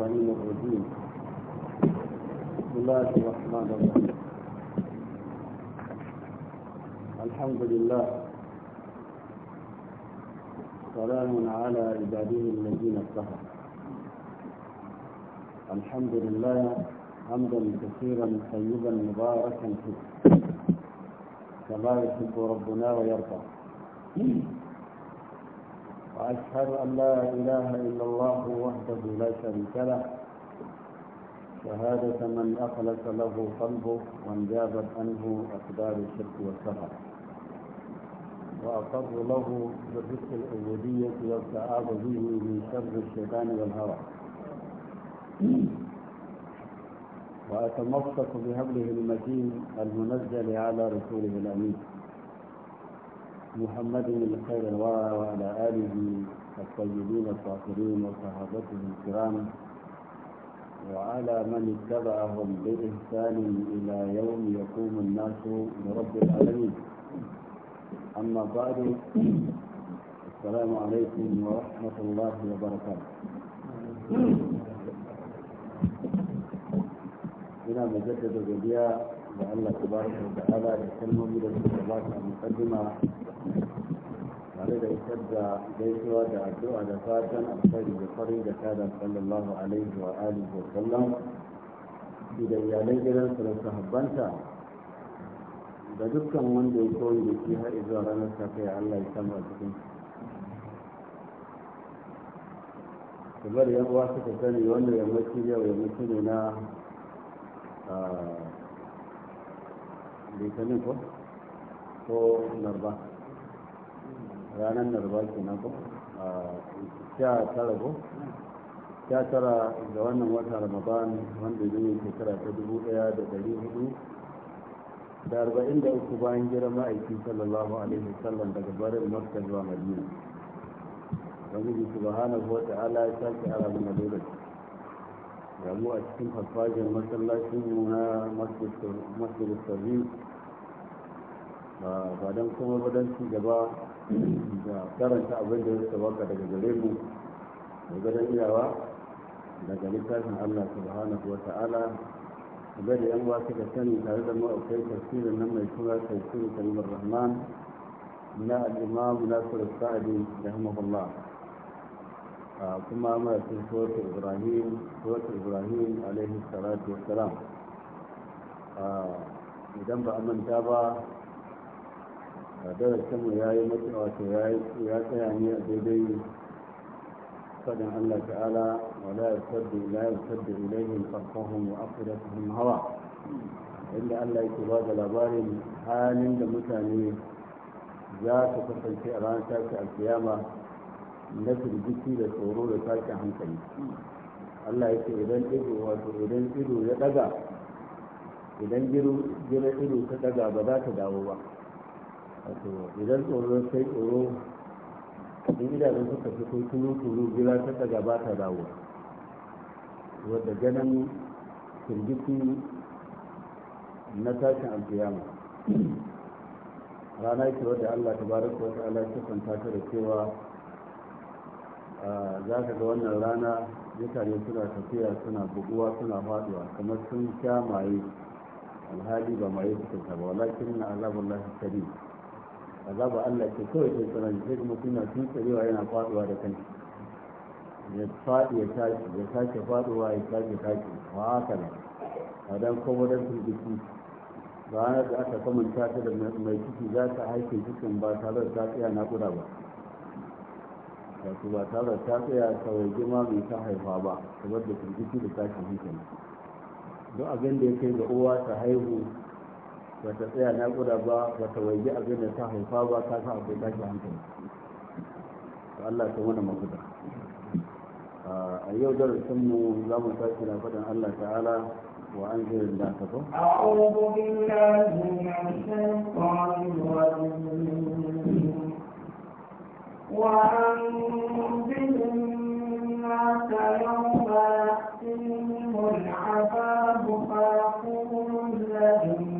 اللعين الرحيم بسم الله الرحمن الرحيم الحمد لله سلام على عباده الذين اتقوا الحمد لله حمدا كثيرا طيبا مباركا فيه كما يحب ربنا ويرضى وأشهد أن لا إله إلا الله وحده لا شريك له شهادة من أخلص له قلبه وانجابت عنه أقدار الشرك والسفر وأقر له برفق العبودية والتعاظ به من شر الشيطان والهوى وأتمسك بهبله المتين المنزل على رسوله الأمين محمد بن خير الورى وعلى آله الطيبين الطاهرين وصحابته الكرام وعلى من اتبعهم بإحسان إلى يوم يقوم الناس برب العالمين أما بعد السلام عليكم ورحمة الله وبركاته هنا مجدد الرجاء لعل تبارك وتعالى يسلم من المقدمة tare da isar da gaisuwa da addu'a da fatan alkhairi da farin da kada sallallahu alaihi wa alihi wa sallam da iyalan gidansa da sahabbanta da dukkan wanda ya koyi da shi har ranar safe Allah ya samu a cikin kamar yan uwa suka sani wannan yammaci yau yammaci ne na litinin ko ko larba ranar narba kenan ko sha tara ko sha tara ga wannan wata ramadan wanda ya yi shekara ta dubu daya da dari hudu da arba'in da uku bayan jiran ma'aiki sallallahu alaihi wasallam daga barin makka zuwa madina ubangiji subhanahu wata ala ya sake ara da madina Ya mu a cikin farfajiyar masallacin na masjid biyu. ba don kuma ba don ci gaba da karanta abin da ya baka daga gare mu da gare iyawa daga littafin allah subhanahu wa ta'ala da da yan wasu da sani tare da ma'aukai tafsirin nan mai suna tafsirin kalmar rahman na al'imam nasiru sa'adi da hamahullah kuma mai sun suwatu ibrahim suwatu ibrahim alaihi salatu wasalam idan ba amanta ba sama ya yi mutu wato ya tsaya ne a daidai fadin allah ta'ala wala ya sabbi la ya ilayhim farfahum wa afidatuhum hawa inda allah yake ba da labarin halin da mutane za su kasance a ranar tashi alkiyama na firgici da tsoro da tashin hankali allah yake idan ido wato idan ido ya daga idan girin ido ta daga ba za ta dawo ba wato idan tsoro sai tsoro in idanun suka fito turu turu gira ta daga ba ta dawo wadda ganin firgiti na tashin alkiyama rana ce wadda allah ta baraka wata ala ta kwanta ta da cewa za ka ga wannan rana mutane suna tafiya suna buguwa suna faduwa kamar sun sha maye alhali ba maye suka ba walakin na azabullahi karim ba Allah ke kawai ke tsanani sai kuma suna sun tsarewa yana faduwa da kan ya faɗi ya tashi ya sake faduwa ya sake tashi ba haka ne a dan kowadar ba ranar da aka kamanta ta da mai ciki za ta haife cikin ba tare da ta tsaya naƙuda ba su ba tare da ta tsaya kawai girma mai ta haifa ba kamar da firgiti da tashin hankali duk abin da ya kai ga uwa ta haihu ba ta tsaya naƙuda ba ba ta waje abin da ta haifa ba ta sa abin tashi hankali to Allah ta wani mafuta a yau darasin mu za mu tashi na faɗin Allah ta'ala وأنزل الله أعوذ بالله من الشيطان يوم يأتيهم العذاب فيقول الذين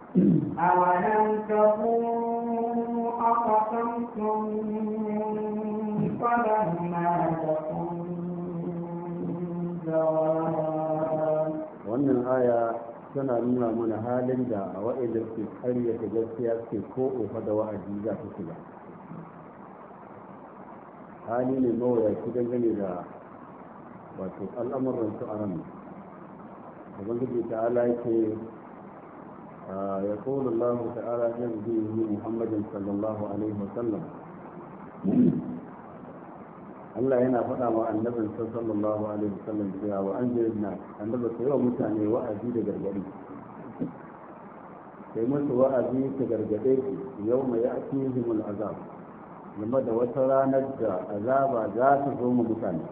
أولم أقسمتم wannan aya tana nuna mana halin da a wa'ida ke ta gaskiya ke ko ofa da wa'azi za su shiga hali ne ki dangane da wato al'amuran su a ran ubangiji ta ala yake يقول الله تعالى في نبيه محمد صلى الله عليه وسلم Allah yana faɗa wa annabin sallallahu alaihi wasallam cewa wa an jirin na annaba su yawa mutane wa'azi da gargaɗi sai wa'azi ta gargaɗe su yau mai ya'atihim al'azab game da wata ranar da azaba za ta zo mu mutane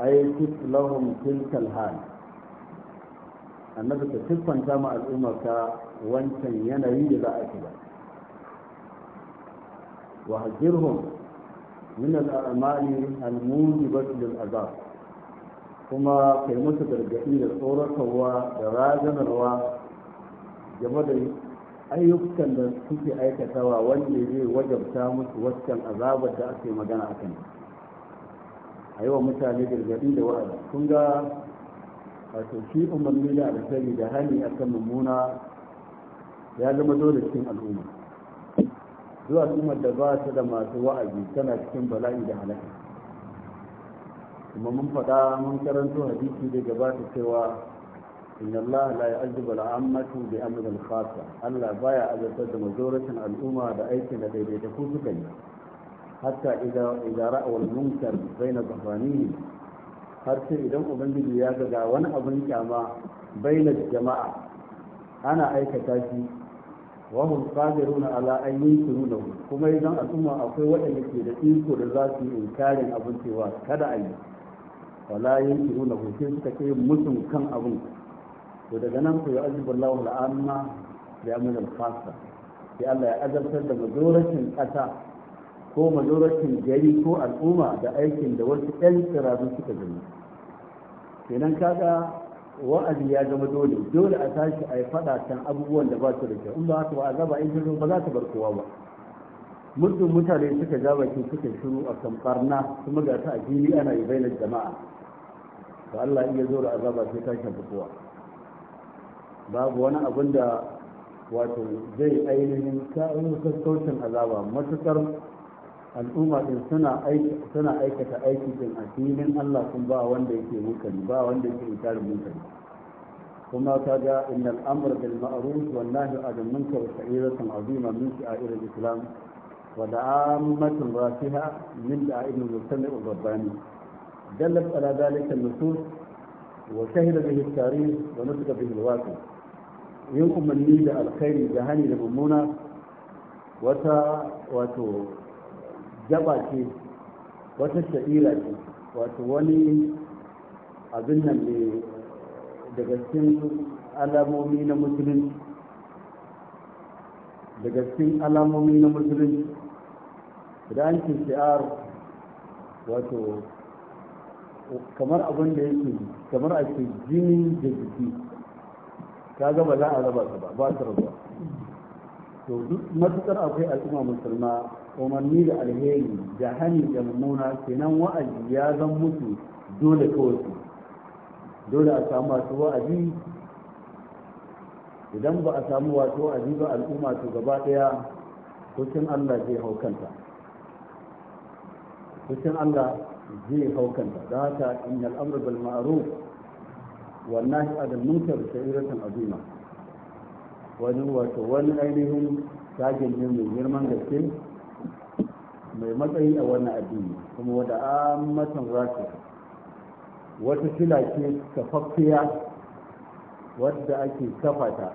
ai tutlahum tilkal hal annabi ka siffanta ma al'ummarka wancan yanayi da za a ba, wa hajjirhum min al'amali al ba lil azab kuma kai musu gargaɗi da tsoratarwa da razanarwa game da ayyukan da suke aikatawa wanda zai wajabta musu waccan azabar da ake magana a kan a yi wa mutane gargaɗi da wa'azi kun ga wato shi umarni da alkhairi da a akan mummuna ya zama dole cikin al'umma zuwa al'ummar da ba ta da masu wa'azi tana cikin bala'i da halaka kuma mun faɗa mun karanto hadisi da gabata cewa inna Allah la ya'azzibu al'ammatu bi amri al-khassa Allah baya azabtar da mazoratin al'umma da aikin da daidaita ko suka yi hatta idza idza ra'aw al-munkar bayna ne. har sai idan ubangiji ya ga wani abin kyama bainar jama'a ana aikata shi wahum qadiruna ala an yunkiruna kuma idan al'umma akwai waɗanda ke da iko da za su yi inkarin abin cewa kada a yi wala yunkiruna sai suka kai musun kan abin to daga nan ku yu'azibu Allahu al'amma bi amrin khassa sai Allah ya azabtar da majoratin ƙasa ko majoratin gari ko al'umma da aikin da wasu 'yan tsirarun suka gani kenan kaga wa'azi ya zama dole dole a tashi a yi faɗa can abubuwan da ba su da kyau in ba haka ba a gaba in shiru ba za ta bar kowa ba muddin mutane suka ja baki suka shiru a kan barna kuma ga ta a fili ana yi bainar jama'a Ba Allah iya zo da azaba sai tashi shafi kowa babu wani abin da wato zai ainihin ka'in sassaucin azaba matukar al'umma din suna aiki suna aikata aiki din addinin Allah kun ba wanda yake munkari ba wanda yake inkarin munkari kuma ta ga innal amr bil ma'ruf wan nahy anil munkar sa'iratun azima min sha'air al-islam wa da'ammatun rafiha min da'air al-mustami' al-rabbani dallat ala dhalika an-nusus wa shahida bihi at-tarikh wa nutqa bihi al-waqi' yin umarni da alkhairi da hani da mummuna wata wato jaba ce wata sha'ira ce wato wani abin nan ne daga cikin alamomi na musulunci daga cikin alamomi na musulunci da an ce shi'ar wato kamar abin da yake kamar a ce jini da jiki ta gaba za a raba su ba ba su raba to duk matukar akwai al'umma musulma umarni da alheri da hani da mummuna kenan wa'azi ya zan mutu dole kawai su dole a samu wasu wa'azi idan ba a samu wasu wa'azi ba al'umma su gaba daya kucin allah zai hau kanta kucin allah zai hau kanta da haka in al'amur bil wannan shi adal munkar sha'iratan azima wani wato wani ainihin tagin ne mai girman gaske mai matsayi a wannan addini kuma wadda ammatan rafi wata fila ce kafaffiya wadda ake kafata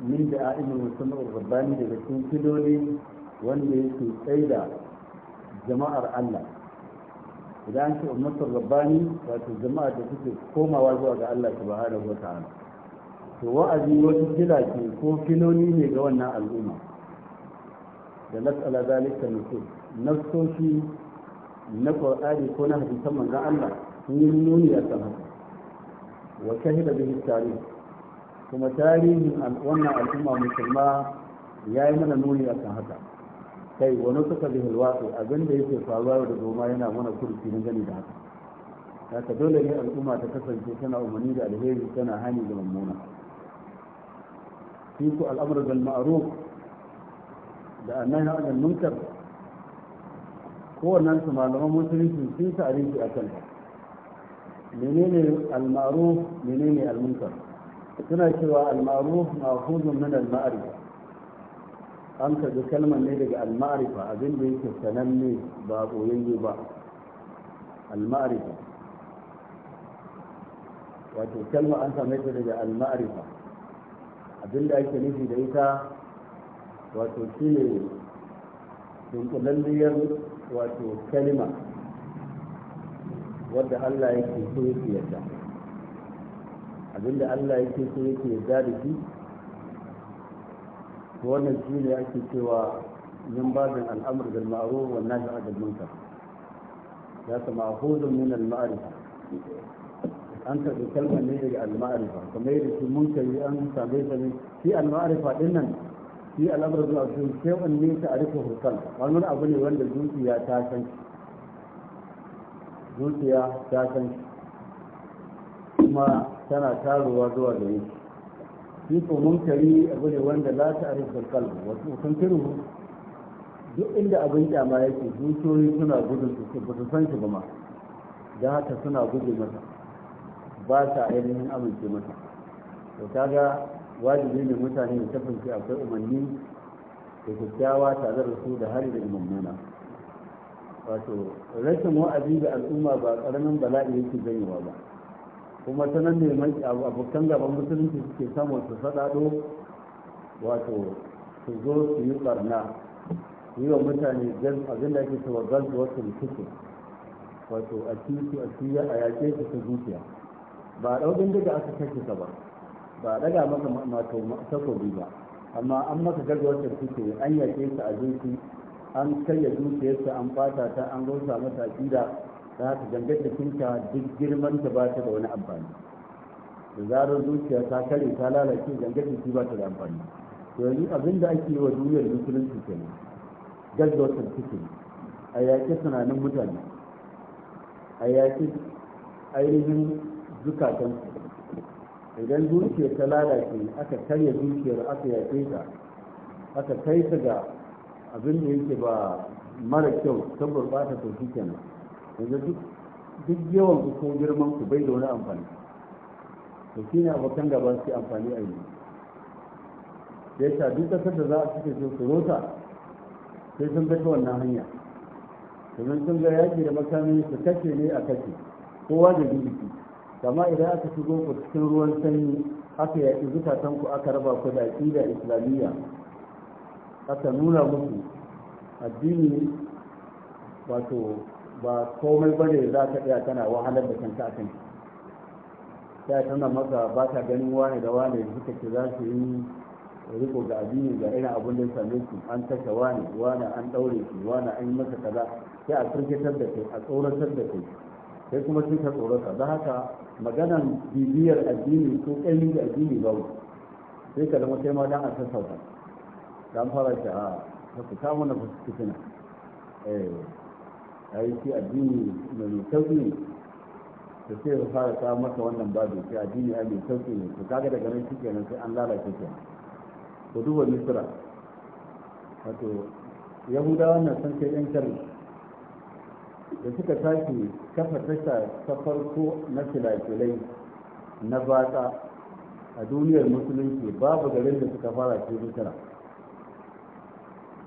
min da a'imin musamman rabbani daga cikin filoli wanda yake tsaida jama'ar allah idan an ce ummatar rabbani wato jama'a da suke komawa zuwa ga allah subhanahu wa ta'ala to wa'azi wata fila ce ko filoli ne ga wannan al'umma da nas'ala zalika na nasoshi na qur'ani ko na hadisan manzon Allah sun yi nuni a kan wa shahida bihi tarihi kuma tarihin wannan al'umma musulma ya yi mana nuni a kan haka kai wani suka bi halwato abin da yake faruwa da goma yana mana kurki na gani da haka haka dole ne al'umma ta kasance tana umarni da alheri tana hani da mummuna fi ku al'amur bil ma'ruf da annahi a munkar kowannen su malaman musulunci sun sa abinci a kan menene almaru menene almunkar suna cewa almaru ma'khuzun min al-ma'rifa an kaji kalmar ne daga al-ma'rifa abin da yake sananne ba yi ba al-ma'rifa wato kalma an same ta daga al-ma'rifa abin da ake nufi da ita wato shi ne dunkulalliyar wato kalima wadda Allah ya ke so yake yarda abinda Allah ya ke so yake yarda da shi to wannan shi ne ake cewa min babin al'amr bil ma'ruf wa nahy anil munkar ya ta ma'khudun min al ma'rifa an ka kalmar ne daga al ma'rifa kamar yadda shi mun munkari an same ta ne shi al ma'rifa din nan shi al'amar zuwa sun sai an nesa a rufe hotel wani abu ne wanda zuciya ta san zuciya ta san kuma tana taruwa zuwa da yi shi ko munkari abu ne wanda za ta arin hotel wasu sun kiru duk inda abin kyama yake zuciyoyi suna gudun su ba su san shi ba ma da haka suna gudun masa ba sa ainihin amince masa to kaga wajibi ne mutane da kasance akwai umarni da kyakkyawa tare da su da hari da mummuna wato rashin wa'azi da al'umma ba karamin bala'i yake janyewa ba kuma sanar ne mai abokan gaban musulunci suke samun su faɗaɗo wato su zo su yi ɓarna yi wa mutane abin da ake cewa gansu wasu rikici wato a ci su a ciye a yaƙe su ta zuciya ba a ɗaukin daga aka kashe ka ba ba daga maka mato takobi ba amma an maka ta kuke an yake ta a zuci an karya zuciyarsa an fata ta an rusa mata akida ta haka gangar jikinka duk girman ta ba ta da wani amfani da zarar zuciya ta kare ta lalace gangar jiki ba ta da amfani to yanzu abin da ake yi wa duniyar musulunci ke gaggawa ta kuke a yaƙi tunanin mutane a yaƙi ainihin zukatansu idan dukiyar ta lalace aka karya dukiyar aka yafe ta aka kai ta ga abin da yake ba mara kyau ta gurbata ta shi kenan yanzu duk yawan ku ko girman ku bai da wani amfani to shi ne abokan gaba su amfani a yi da ya duk ƙasar da za a cike su rota sai sun ga ta wannan hanya domin sun ga yaƙi da makami su kashe ne a kashe kowa da jiki kama idan aka shigo ku cikin ruwan sanyi aka yaƙi zukatanku aka raba ku da aƙida islamiyya aka nuna muku addini wato ba komai bane za ka iya tana wahalar da kanka akan shi ta tana maka ba ta ganin wane da wane da suka ce za su yi riko ga addini ga irin abin da ya same su an kashe wane wane an ɗaure shi wane an yi masa kaza sai a firgitar da kai a tsoratar da kai sai kuma sun ka tsorata da haka maganan bibiyar addini ko ƙaimi addini ba sai ka zama sai ma dan a sassauta dan fara shi a ta fita mana fitina A eh, ai shi addini mai sauƙi ne ta sai ka fara ta masa wannan babu shi addini a mai sauƙi ne ta kaga daga nan sai an lalace ke ku duba misira. wato yahudawa na san sai yan sharri da suka tashi kafa tasha ta farko na filafilai na baƙa, a duniyar musulunci babu garin da suka fara ce sutura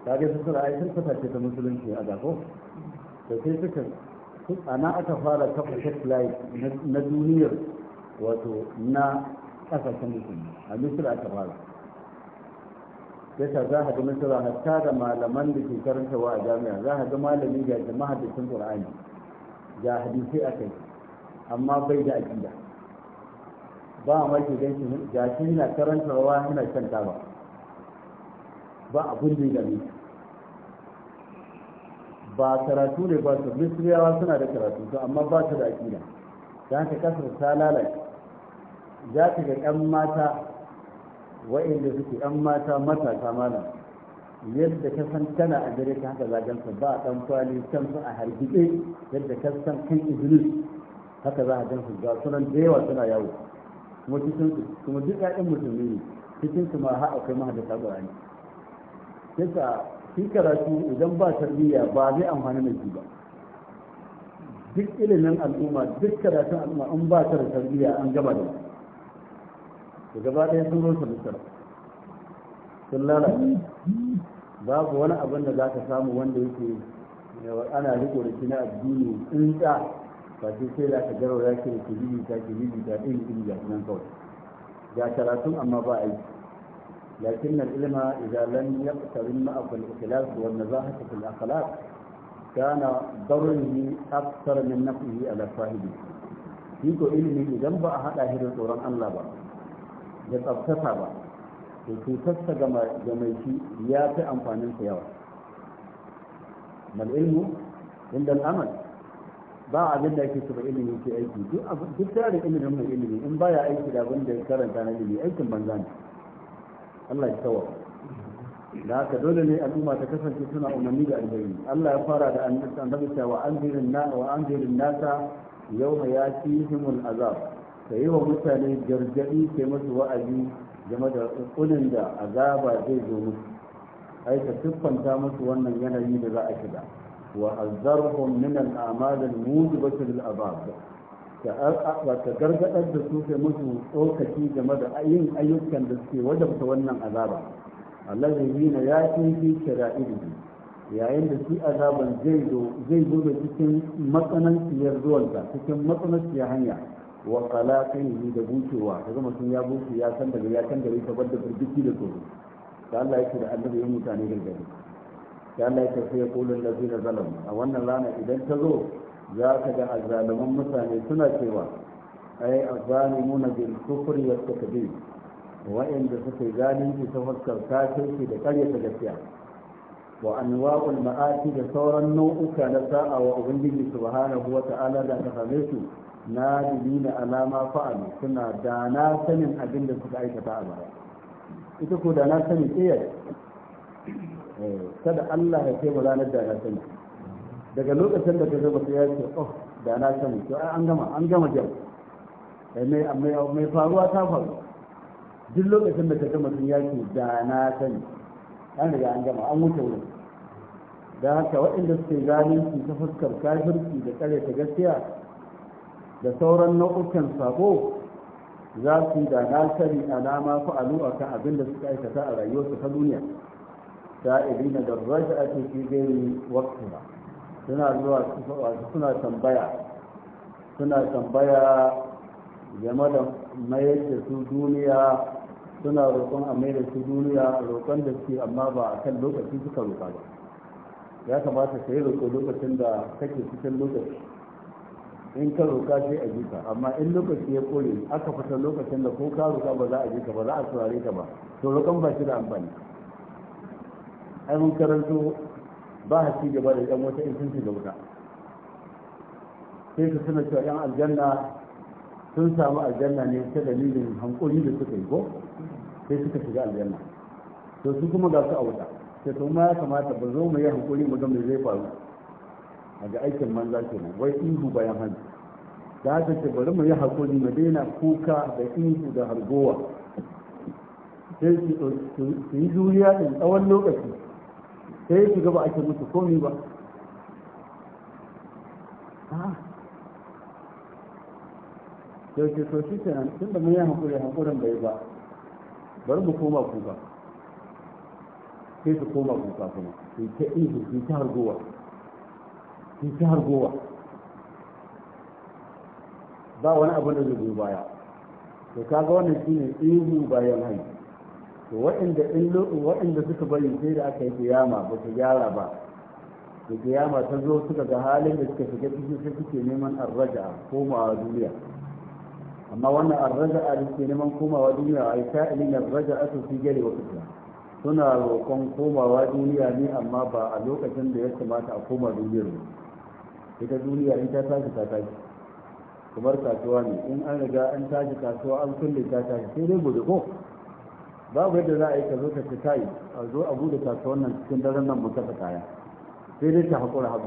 ta gaisa sutura ai sun kafa ce ta musulunci a gafo da sai suka ana aka fara kafa shekulai na duniyar wato na kasashen musulmi a misira aka fara yasa za ka ga nasara hatta da malaman da ke karantawa a jami'a za ka ga malami ga jama'a da sun qur'ani ga hadisi a kai amma bai da aqida ba ma ke dan shi ga shi yana karantawa yana kanta ba ba abun da gani ba karatu ne ba su misriyawa suna da karatu to amma ba su da aqida dan ka kasar ta lalace za ka ga kan mata wa'inda suke an mata matasa malam yadda ka san tana a gare ta haka zagansa ba a ɗan kwali can su a hargitse yadda ka san kan idris haka za a gan su ga sunan da yawa suna yawo kuma cikin su kuma duk ƴaƴan musulmi ne cikin su ma har akwai mahaddata qur'ani yasa shi karatu idan ba tarbiyya ba zai amfani da shi ba duk ilimin al'umma duk karatun al'umma an ba ta da tarbiyya an gaba da shi da gaba ɗaya sun rusa misar sun lalace babu wani abin da za ka samu wanda yake eh, ana riko da shi na addini tsinta ba sai sai za ka ya shi da kiriri ta kiriri ta ɗin ɗin ga nan kawai ga karatun amma ba a yi. lakin na العلم إذا لم يقترن معه الإخلاص والنزاهة في الأخلاق كان ضره أكثر من نفعه على صاحبه shi ko ilimi idan ba a haɗa shi da tsoron Allah ba da tsabtata ba to cutarsa ga mai shi ya fi amfaninsa yawa mal ilmu inda al'amal ba abin da ake saba ilimi ke aiki duk tare da ilimin mai ilimi in baya aiki da abin da ya karanta na ilimi aikin banza ne Allah ya kawo da haka dole ne al'umma ta kasance suna umarni da alheri Allah ya fara da annabi cewa anzirin na wa anzirin nasa yawma yatihimul azab ka yi wa mutane gargadi ke masu wa'azi game da kunin da azaba zai zo musu ai ka siffanta musu wannan yanayi da za a shiga wa azzarhum min al-a'mal al-mujibati lil-abab ka gargaɗar da su kai musu tsokaci game da yin ayyukan da suke wajabta wannan azaba allazina ya fi fi yayin da shi azaban zai zo zai zo da cikin matsananciyar zuwanta cikin matsananciyar hanya wa qalaqin da bucewa zama mutum ya buce ya san daga ya san gari saboda burduki da tsoro da Allah yake da annabi yin mutane gari da Allah yake sai ya kula da zina zalam a wannan rana idan ta zo za ka ga azzaluman mutane suna cewa ai azzalimuna bil kufri wa takdir wa'anda suka yi zalunci ta fuskar kafirci da ta gaskiya wa anwa'ul ma'ati da sauran nau'uka na sa'a wa ubangiji subhanahu wa ta'ala da aka same su na dubina alama fa'alu suna da na sanin abin da suka aikata a baya ita ko da na sani tsayar eh, kada Allah ya kai ranar da na sani daga lokacin da ka zo ba ya ce oh da na sani to an gama an gama jam eh, mai mai faruwa ta faru duk lokacin da ka zo mutum ya ce da na sani an riga an gama an wuce wurin da haka waɗanda suke su ta fuskar kafirci da tsare ta gaskiya da sauran nau'ukan sabo za su da na a nama fa'alu a kan abin da suka aikata a rayuwarsu ta duniya sa'ilina da raja'atu fi ghairi waqtiha suna zuwa suna tambaya suna tambaya game da mayar da su duniya suna roƙon a mayar da su duniya roƙon da suke amma ba a kan lokaci suka roƙa ba ya kamata ka yi roƙo lokacin da kake cikin lokaci in ka roka sai a ji ka amma in lokaci ya kore aka fita lokacin da ko ka roka ba za a ji ka ba za a saurare ka ba to rokan ba shi da amfani ai mun karanto ba a ci gaba da yan wata in sun shiga wuta sai ka suna cewa yan aljanna sun samu aljanna ne ta dalilin hankali da suka yi ko sai suka shiga aljanna to su kuma ga su a wuta sai kuma ya kamata ba zo mu yi hankali mu ga me zai faru ga aikin manza kenan wai ihu bayan hajji da haka ce bari mu yi hakuri mu daina kuka da ihu da hargowa sai su yi juriya din tsawon lokaci sai su gaba ake musu komi ba ah. sai ce to shi tun da mun yi hakuri hakurin bai ba bari mu koma kuka sai su koma kuka kuma su ta ihu su ta hargowa sai ta hargowa ba wani abu da zai baya to kaga wannan shine ihu bayan hai to waɗanda in waɗanda suka bari sai da aka yi kiyama ba su gyara ba da kiyama ta zo suka ga halin da suka shiga cikin sai suke neman arraja komawa duniya amma wannan arraja a suke neman komawa duniya a ita ilin a su fi gari wa kusa suna roƙon komawa duniya ne amma ba a lokacin da ya kamata a koma duniyar ba ita duniya in ta tashi ta tashi kamar kasuwa ne in an riga an tashi kasuwa an kulle ta tashi sai dai gobe ko babu yadda za a yi ka zo ka fita yi a zo a bude kasuwan nan cikin daren nan mun kasa kaya sai dai ta haƙura har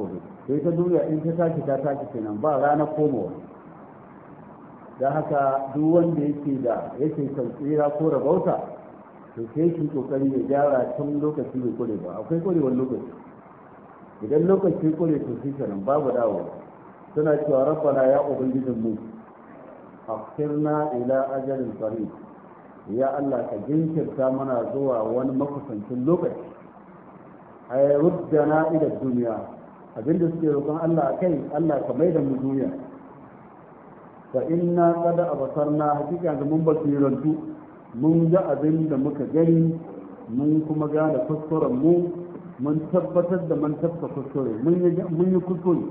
sai ta duniya in ta tashi ta tashi kenan ba rana komowa da haka duk wanda yake da yake kan tsira ko rabauta to sai shi kokari ya gyara tun lokaci bai kure ba akwai kurewar lokaci idan lokaci kure to shi kenan babu dawo suna cewa rabbana ya ubangijin mu akhirna ila ajalin qarib ya Allah ka jinkirta mana zuwa wani makusancin lokaci ay ruddana ila dunya abinda suke roƙon Allah kai Allah ka maida mu duniya fa inna qad abasarna hakika da mun basirantu mun ga abin da muka gani mun kuma gane kuskuren mu mun tabbatar da mun tafka kuskure mun yi kuskure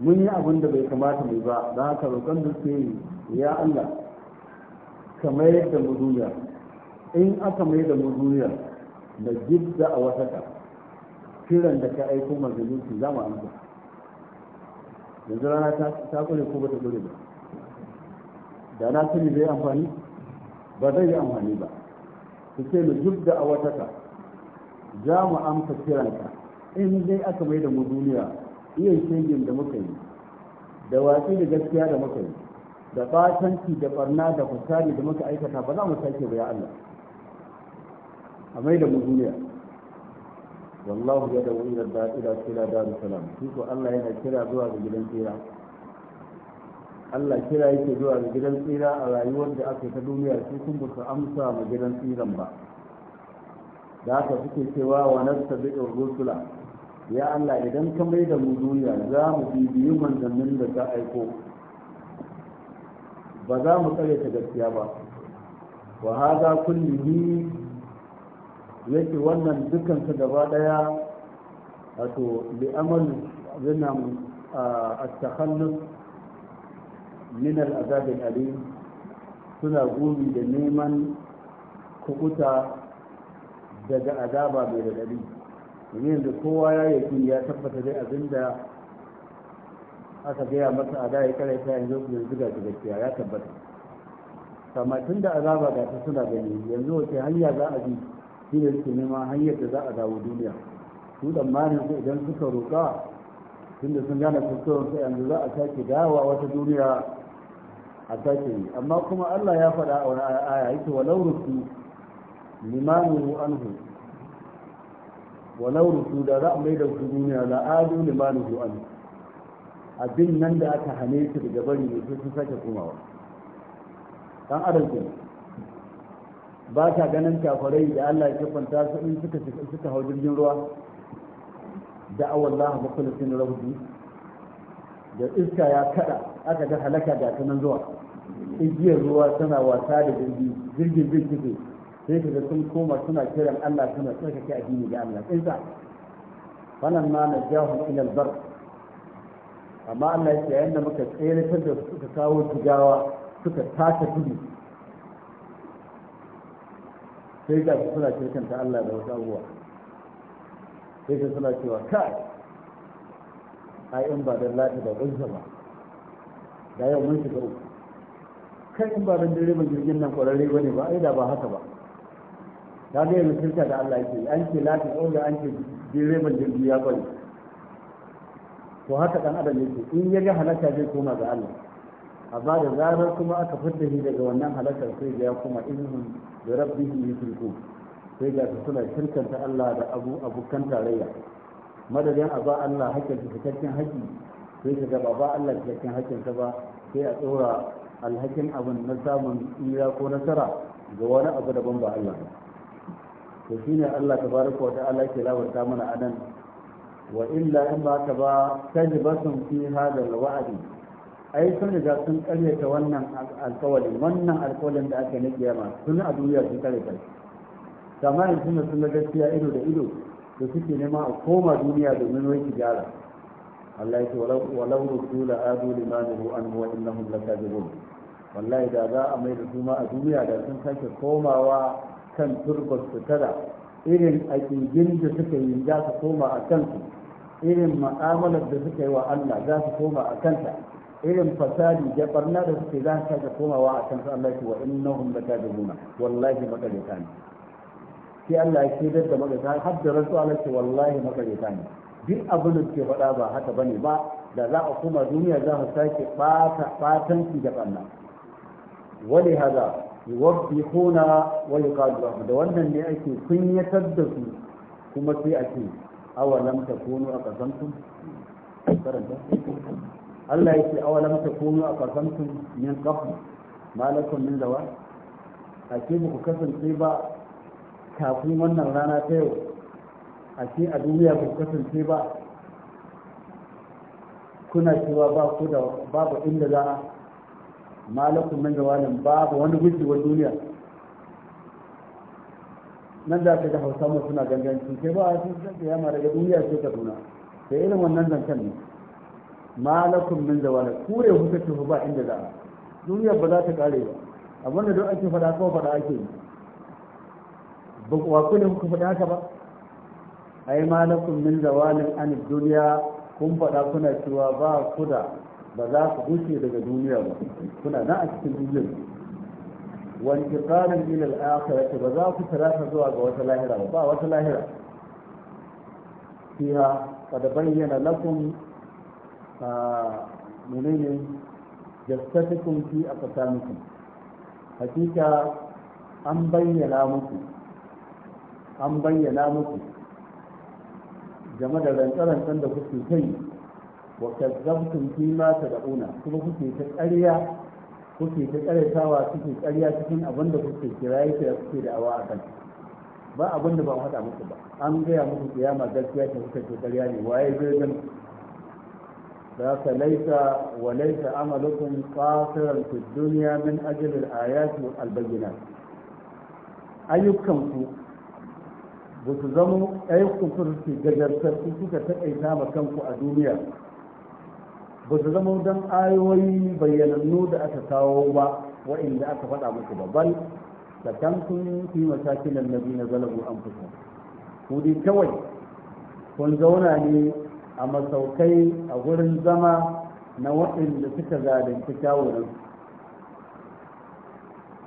mun yi abin da bai kamata mu ba da haka roƙon da suke yi ya Allah ka mayar da mu in aka mai da mu da gidda a ka. kiran da ka aiko manzanni su za mu amsa yanzu rana ta kure ko bata kure ba da na sani zai amfani ba zai yi amfani ba su ce mu gidda a ka. za mu amsa ka in dai aka mai da mu duniya iya shingin da muka yi da watsi da gaskiya da muka yi da batanci da barna da fusari da muka aikata ba za mu sake ba ya Allah a mai da mu duniya wallahu ya da wani da ila kira da salam shi ko Allah yana kira zuwa ga gidan tsira Allah kira yake zuwa ga gidan tsira a rayuwar da aka ta duniya su kun ba su amsa ma gidan tsiran ba da aka suke cewa wa nasta bi'ir rusula ya Allah idan ka mai da mu duniya za mu bibiyi manzannin da ka aiko ba za mu tsare ta gaskiya ba wa haza kullihi yake wannan dukansa gaba daya wato bi amal zina at-takhallus min al-azab al-alim suna gumi da neman kukuta daga azaba mai radadi domin da kowa ya yi ya tabbata dai abin da aka gaya masa a da ya kare ta yanzu yanzu ga gaskiya ya tabbata kama tun da azaba ga ta suna gani yanzu wace hanya za a bi shi ne suke hanyar da za a dawo duniya su tsammanin su idan suka roƙa tunda sun gane kuskuren su yanzu za a sake dawa wata duniya a sake amma kuma Allah ya faɗa a wani aya yake walau rusu limanin anhu walau rusu da za a mai da su duniya la adu limanu anhu abin nan da aka hane su daga bari ne sai sun sake komawa dan adam ke ba ta ganin kafarai da Allah ya kifanta su in suka suka hau jirgin ruwa da awallahu mukhlisin rabbi da iska ya kada aka ga halaka da ta nan zuwa igiyar ruwa tana wasa da jirgi jirgin bin sai kaga sun koma suna kiran Allah suna tsarkake addini da Allah tsinsa wannan ma na jahu ila albar amma Allah ya yayin da muka tsayar da suka kawo tugawa suka taka tudu sai ga suna kirkanta Allah da wasu abubuwa sai ga suna cewa kai ai in ba da lati da gunsa ba da yau mun shiga uku kai in ba da direban jirgin nan kwararre ne, ba ai da ba haka ba ta ga yanzu shirka da Allah yake an ce lati ɗaure an ce direban jirgi ya bari to haka ɗan adam yake in ya ga halaka zai koma ga Allah amma da zarar kuma aka fidda shi daga wannan halakar sai ga ya koma innahum da rabbihim yushriku sai ga su suna shirkanta Allah da abu abukan tarayya madadin a ba Allah hakkin cikakken haƙƙi sai ka ga ba ba Allah cikakken haƙƙinsa ba sai a tsora alhakin abin na samun tsira ko nasara ga wani abu daban ba Allah ba to shine Allah tabaraka wa allah ke labarta mana nan. wa illa in ba ka ba tajbatun fi hadha alwa'd ai sun riga sun karyata wannan alƙawalin wannan alkawalin da aka yi kiyama sun a duniya sun karyata kamar yanzu da sun gaskiya ido da ido da suke nema a koma duniya domin wai tijara Allah ya ce walau rusula adu limanu anhu wa innahum wallahi da za a mai da su ma a duniya da sun sake komawa kan turbar su tara irin aƙidin da suka yi za su koma a kansu irin ma'amalar da suka yi wa Allah za su koma a kanta irin fasadi da barna da suke za su sake komawa a kansu Allah ce wa innahum lakadibuna wallahi makareta ne sai Allah ya shaidar da makareta har da rasu Allah ce wallahi makareta ne duk abin da suke faɗa ba haka bane ba da za a koma duniya za su sake fatan ɓatanci da barna wani haza yuwabbihuna wa yuqalu da wannan ne ake kunyatar da su kuma sai a ce awalam takunu aqsamtum karanta Allah yake awalam takunu aqsamtum min qabl malakum min ce ake ku kasance ba kafin wannan rana ta yau ake a duniya ku kasance ba kuna cewa ba ku da babu inda za a malakun min zawalin babu wani gujewar duniya nan da ka ga hausa mu suna ganganci sai ba a cikin ya mara ga duniya sai ka tuna sai irin wannan zancen ne malakun min zawalin kure huta ba inda za a duniya ba za ta kare ba abin da duk ake faɗa ko faɗa ake yi ba kuwa ku ne kuka faɗa haka ba ai malakun min zawalin an duniya kun faɗa kuna cewa ba ku da ba za ku gushe daga duniya ba kuna nan a cikin duniyar wani qalan ilil al ba za ku tarata zuwa ga wata lahira ba wata lahira fiha qad bayyana lakum menene jassatukum fi aqsamikum hakika an bayyana muku an bayyana muku game da rantsarantsar da kuke kai wa kazzabtum fima tad'una kuma kuke ta ƙarya kuke ta ƙaryatawa kuke ƙarya cikin abin da kuke kiraye kira kuke da awa akan ba abin da ba faɗa muku ba an gaya muku kiyama gaskiya ta kuka ce ƙarya ne waye zai gani za ka laisa wa laisa amalukum qasiran fi dunya min ajli al-ayat wal bayyinat ayyukanku ba su zama ayyukan su suke gajartar su suka taƙaita ma kanku a duniya ba su zama don ayoyi bayyanannu da aka kawo ba wa'inda aka faɗa muku ba bal da kan kun fi matakin annabi na zalabu an fusa ku dai kawai kun zauna ne a masaukai a gurin zama na waɗanda suka zalunci kyawunan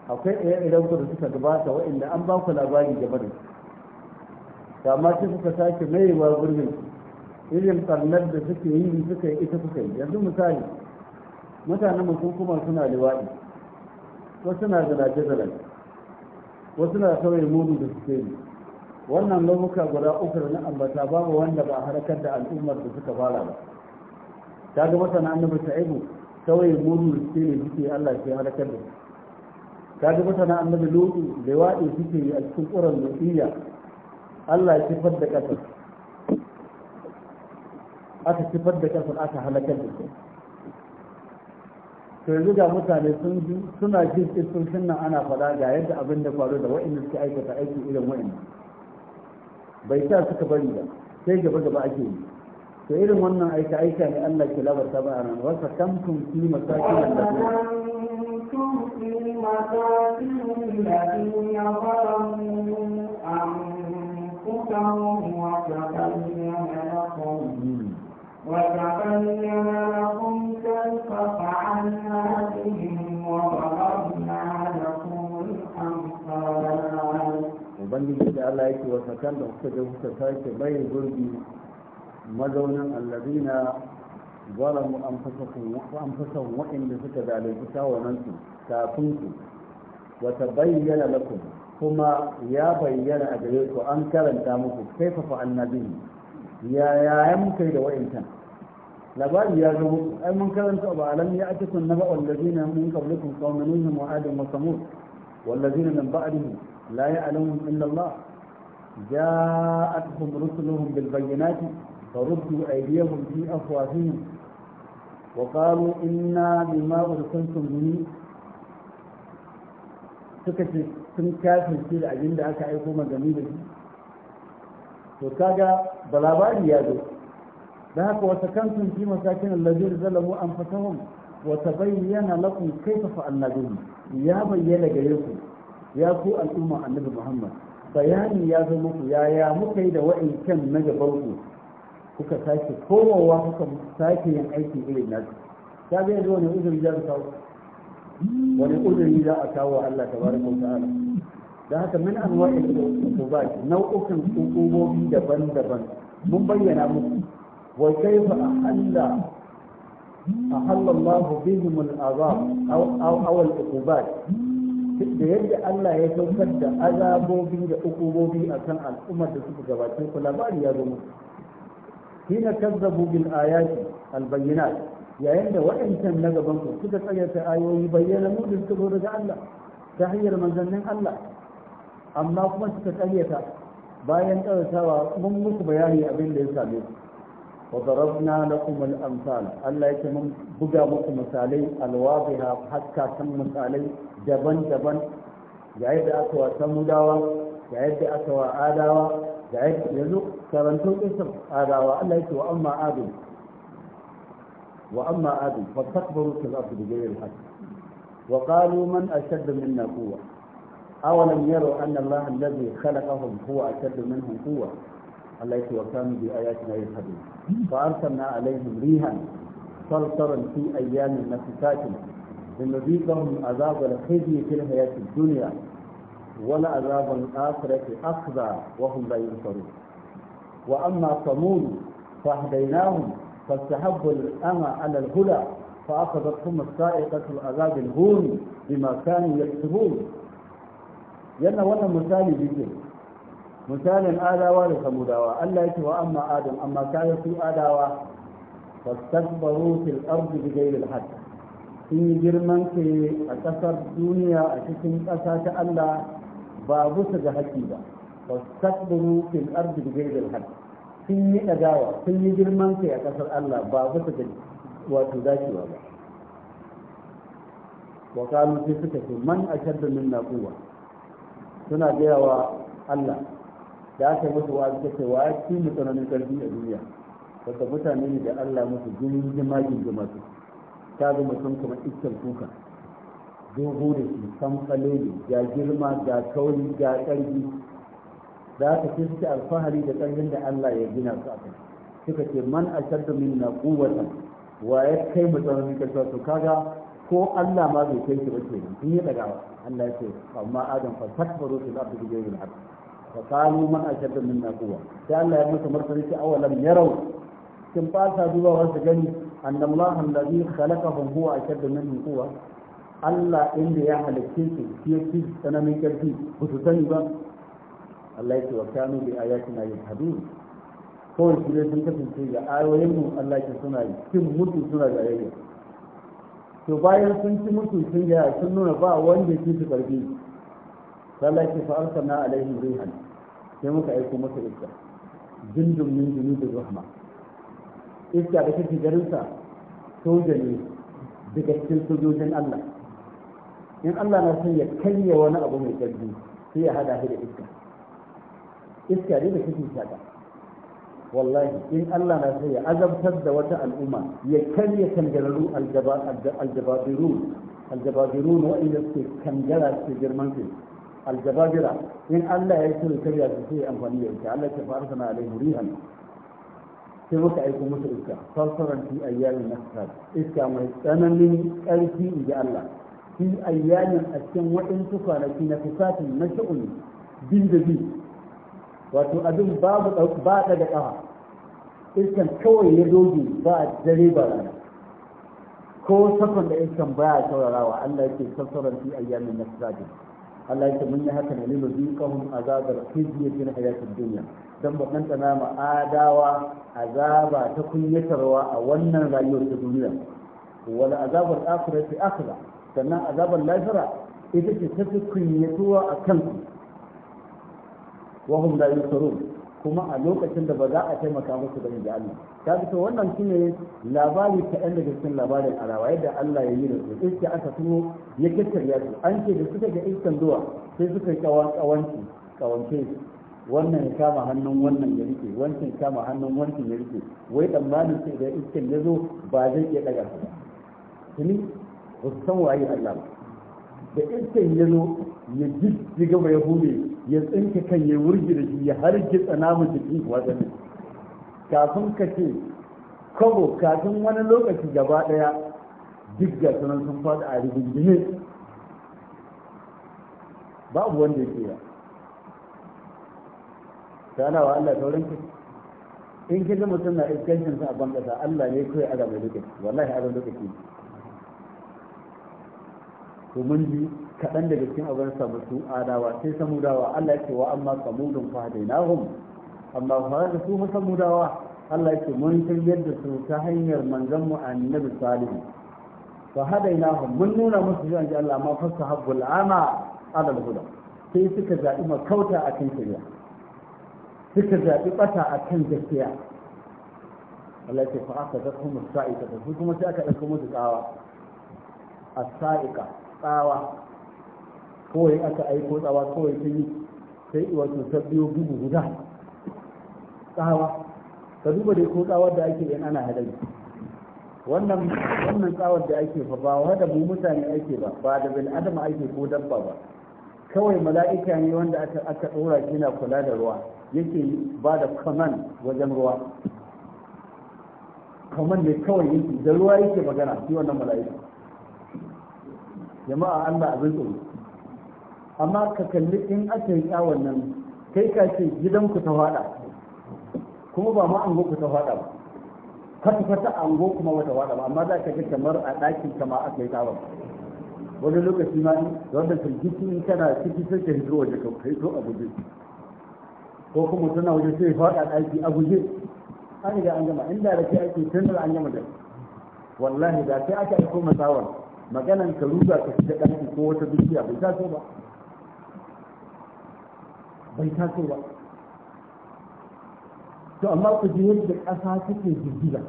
akwai ɗaya idan ku da suka gabata waɗanda an ba ku labari game da su amma sai suka sake maiwa gurbin irin ɓarnar da suke yi suka yi ita suka yi yanzu misali mutanen mutum kuma suna liwaɗi wasu na zalace-zalace wasu na sauye mudu da suke yi wannan launuka guda uku na ambata babu wanda ba harkar da al'ummar da suka fara ba ta ga masana annabi sha'ibu sauye mudu da suke ne suke allah ke harkar da ta ga masana annabi da liwaɗi suke yi a cikin ƙuran lutiyya allah ya kifar da ƙasar aka sifar da kansu aka halakar da su to yanzu ga mutane sun suna jin isoshin sunna ana fada ga yadda abin da faru da wa'inda suke aikata aiki irin wa'in bai sa suka bari ba sai gaba gaba ake yi to irin wannan aika aika ne Allah ke labar ta ba wa sa kam kun fi masakin da ku وتبين لهم كيف فعلنا بهم وضربنا لكم الأمثال ubangiji da Allah yake wa sakan da kuka je kuka sake bayin gurbi mazaunin allazina zalamu anfusahum waɗanda suka zalunci shawanansu kafin su wata bayyana lakum kuma ya bayyana a gare ku an karanta muku kaifa fa'alna bihi ya yayan muka da wa'intan labari ya zo musu ai mun karanta ba alam ya ake kun naba wallazina min qablikum qawmin nuh wa adam wa samud wallazina min ba'dihim la ya'lamun illa Allah ja'atuhum rusuluhum bil bayyinati فردوا أيديهم في أفواههم وقالوا إنا بما أرسلتم suka ce sun kafirce da abin da aka aiko magani da shi to kaga ba labari ya zo da haka wata kantin fi masakin allazir zalamu an fasahun wata bayyana lakum kaifa fa'alna ya bayyana gare ku ya ku al'umma annabi muhammad bayani ya zo muku yaya muka yi da wa'incan na gabanku kuka sake komowa kuka sake yin aikin irin nasu ta zai wani uzuri za kawo wani uzuri za a kawo Allah ta baraka wa ta'ala da haka min anwa'il uqubat nau'ukan uqubobi daban-daban mun bayyana muku وكيف أحل أحل الله بهم العذاب أو أو أو العقوبات da yadda Allah ya saukar da azabobi da ukubobi akan kan al'ummar da suka gabace ku labari ya zo musu hina kazzabu bil ayati al bayyinat yayin da wa'ancan na gaban ku suka tsayata ayoyi bayyana mu da suka Allah ta hanyar manzannin Allah amma kuma suka tsayata bayan tsawatawa mun musu bayani abin da ya same su وضربنا لكم الأمثال الله يتمم بقى مكو مثالي الواضحة حتى كم مثالي جبن جبن جعيد أكوى سموداوة جعيد أكوى آداوة جعيد يزو كرنتو اسم آداوة الله يتوى أما آدم وأما آدم فاستكبروا في الأرض بغير الحق وقالوا من أشد منا قوة أولم يروا أن الله الذي خلقهم هو أشد منهم قوة Allah ya wa kanu bi ayatina yahdun fa arsalna alaihim rihan saltaran fi ayyamin nafsatin linudhiqahum azab al-khizy fil duniya ad-dunya wa la azab al-akhirati akhza wa hum la yunsarun wa amma samud fahdaynahum fastahabbu al-ama ala al-huda فأخذتهم السائقة العذاب الهون بما كانوا يكسبون. يلا ولا مثالي بيجي misalin adawa da samudawa Allah yake wa amma adam amma kayan su adawa fastakbaru fil ardi bi ghairi al haqq sun yi girman ke a kasar duniya a cikin ƙasa ta Allah ba bisa ga haƙi ba fastakbaru fil ardi bi ghairi al haqq sun yi dagawa sun yi girman ke a kasar Allah ba bisa ga wato dacewa ba wa kalu sai suka ce man ashaddu minna quwwa suna gaya wa Allah da aka mutu wa ta ce wa shi mu karfi a duniya Baka mutane ne da Allah musu gingima gingima masu, ta zama sun kamar iskar kuka dogo da shi samfale ne ga girma ga kauri ga karfi da aka ce suke alfahari da karfin da Allah ya gina su a kai suka ce man min na quwwatan wa ya kai mu tsananin karfi su kaga ko Allah ma bai kai shi ba ke sun yi daga Allah ya ce amma adam fa su fil abu da jirgin haka!' fa qalu man ashadda minna quwwa sai Allah ya masa martani ce awalam yarau kin ba sa duba wasu gani annallaha allazi khalaqahum huwa ashadda minhum quwwa Allah inda ya halicce su shi ya fi tsananin ƙarfi ba su sani ba Allah ya ce wa kanu bi ayatina yajhadun kawai shi ne sun kasance ga ayoyin mu Allah ke suna yi Kin mutu suna da ayoyi to bayan sun ci mutu sun ga sun nuna ba wanda ya fi su ƙarfi Allah ya ce fa arsalna alaihim rihan sai muka aiko masa iska jindun min junudin rahma iska da take garinsa soja ne daga cikin sojojin Allah in Allah na son ya karya wani abu mai karfi sai ya hada shi da iska iska ne da take shaka wallahi in Allah na son ya azabtar da wata al'umma ya karya kangararru aljababiru aljababirun wa'inda suke kangara su girman su aljababira in Allah ya yi shirin karya su sai amfani da ita Allah ya fa arsana alaihim rihan sai muka aiko musu iska sarsaran fi ayyamin nasar iska mai tsananin ƙarfi ji Allah fi ayyamin a cikin waɗansu kwanaki na fusatin na sha'uni bin da bi wato abin babu ba da ƙafa iskan kawai ya doge ba dare ba rana ko sakon da iskan baya saurarawa Allah ya yake sarsaran fi ayyamin nasar Allah ya mun yi haka ne lima zuqahum azabal khizyi fil hayatid duniya. dan ba tantana ma adawa azaba ta kunyatarwa a wannan rayuwar ta duniya wal azabul akhirati akhla sannan azabar lafira ita ce ta kunyatuwa a kansu wa la yusarun kuma a lokacin da ba za a taimaka musu ba inda Allah ta fito wannan shine labari kaɗan daga cikin labarin arawa yadda Allah ya yi da su iska aka tuno ya kakkarya su an ce da suka ga iskan zuwa sai suka yi kawanci kawance wannan ya kama hannun wannan ya rike wancan kama hannun wancan ya rike wai tsammanin sai da iskan ya zo ba zai iya ɗaga. su ba tuni ba su san waye Allah ba da iskan ya zo ya jijjiga mai hume ya tsinka kan ya wurgi da shi ya hargitsa namun jikin wajen kafin ka ce kawo kafin wani lokaci gaba daya duk ga sunan sun faɗi a rigingine babu wanda ya kera sana wa Allah saurin ka in ki ga mutum na iskancin sa a bangasa Allah ne kai azaba lokaci wallahi azaba lokaci ko mun ji kaɗan daga cikin abin samu su adawa sai samudawa Allah yake wa amma samudun fahadainahum amma fara da su samudawa Allah yake mun shiryar yadda su ta hanyar manzon mu annabi salihu fahadainahum mun nuna musu shi anji Allah ma fasa habbul ama ala huda sai suka zaɓi makauta a kan shari'a suka zaɓi ɓata a kan gaskiya Allah yake fa aka ga kuma sa'ika da su kuma sai aka ɗauko musu tsawa as sa'ika tsawa kawai aka aiko tsawa kawai sun yi sai wato ta biyo bugu guda tsawa ka duba da ko tsawar da ake yin ana hadari wannan wannan tsawar da ake fa ba wa da mu mutane ake ba ba da bil adama ake ko dabba ba kawai mala'ika ne wanda aka aka dora shi na kula da ruwa yake ba da kaman wajen ruwa kaman ne kawai yake da ruwa yake magana shi wannan mala'ika jama'a Allah abin tsoro amma ka kalli in aka yi tsawon nan kai ka ce gidanku ta fada kuma ba ma ango ku ta fada ba ta kwata ango kuma wata fada ba amma za ka ga kamar a ɗakin kama aka yi tsawon wani lokaci ma wanda firgici in kana ciki sai ka hito waje ka hito a guje ko kuma tana waje sai fada ɗaki a guje an ga an gama inda da ke ake tun an gama da wallahi da sai aka aiko masawar maganan ka ruga ka shiga ɗaki ko wata dukiya bai so ba bai taso ba to amma ku ji yadda ƙasa take jirgiza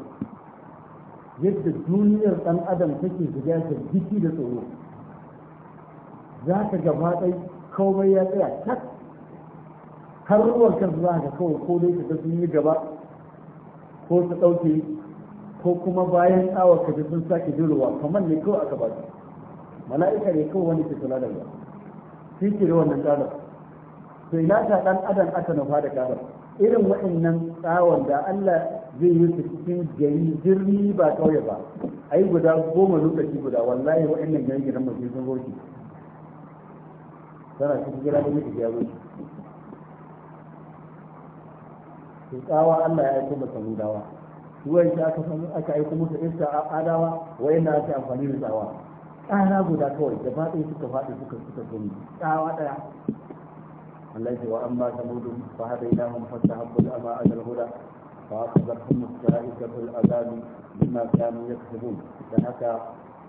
yadda duniyar ɗan adam take girgiza jiki da tsoro za ka gaba ɗai komai ya tsaya tak har ruwan kan za ka kawai ko dai ka sun yi gaba ko ta ɗauke ko kuma bayan tsawar ka sun sake jirowa kamar ne kawai aka ba mala'ika ne kawai wani ke kula da ba shi ke da wannan tsarin sai ina ta dan adam aka nufa da kabar irin waɗannan tsawon da Allah zai yi su cikin gari jirni ba kawai ba ai guda goma lokaci guda wallahi waɗannan gari gidan mutum sun zoci tana cikin gida da mutum ya zoci to tsawa Allah ya aika masa mudawa ruwan shi aka samu aka aika musu iska a adawa waɗanda aka amfani da tsawa tsara guda kawai da ba ɗaya suka faɗi suka suka gani tsawa ɗaya التي وأما ثمود فهديناهم فاستحبوا الأمى على الهدى فأخذتهم السائقة العذاب بما كانوا يكسبون فحكى